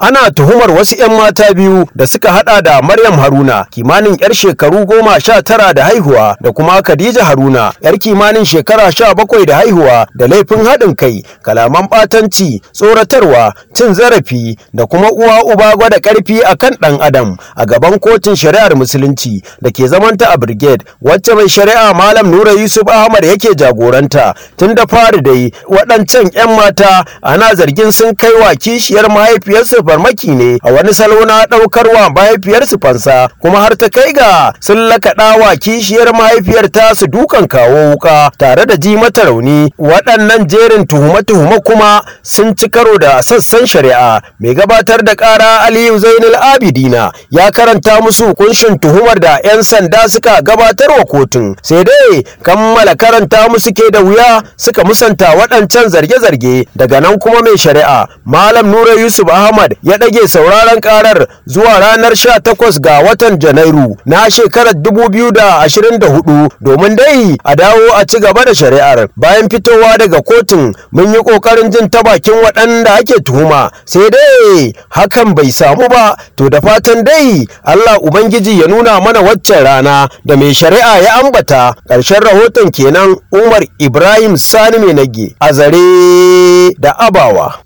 Ana tuhumar wasu 'yan mata biyu da suka hada da Maryam Haruna, kimanin 'yar shekaru goma sha tara da haihuwa, da kuma Khadija Haruna, 'yar kimanin shekara sha bakwai da haihuwa, da laifin haɗin kai, kalaman ɓatanci, tsoratarwa, cin zarafi, da kuma uwa uba gwada ƙarfi a kan ɗan adam a gaban kotun shari'ar musulunci da ke zamanta a Brigade, wacce mai shari'a Malam Nura Yusuf Ahmad yake jagoranta. Tun da fari dai, waɗancan 'yan mata ana zargin sun kai wa kishiyar mahaifiyarsu farmaki ne a wani salo na ɗaukarwa mahaifiyarsu fansa kuma har ta kai ga sun wa kishiyar mahaifiyar ta su dukan kawo wuka tare da ji mata rauni waɗannan jerin tuhume-tuhume kuma sun ci karo da sassan shari'a mai gabatar da ƙara aliyu zainul abidina ya karanta musu kunshin tuhumar da 'yan sanda suka gabatar wa kotun sai dai kammala karanta musu ke da wuya suka musanta waɗancan zarge-zarge daga nan kuma mai shari'a malam nura yusuf ahmad ya ɗage sauraron ƙarar zuwa ranar 18 ga watan Janairu na shekarar 2024 domin dai a dawo a ci gaba da shari'ar. Bayan fitowa daga kotun mun yi ƙoƙarin jin ta bakin waɗanda ake tuhuma sai dai hakan bai samu ba to da fatan dai Allah Ubangiji ya nuna mana waccan rana da mai shari'a ya ambata ƙarshen rahoton kenan Umar Ibrahim Sani Mai Nage a zare da abawa.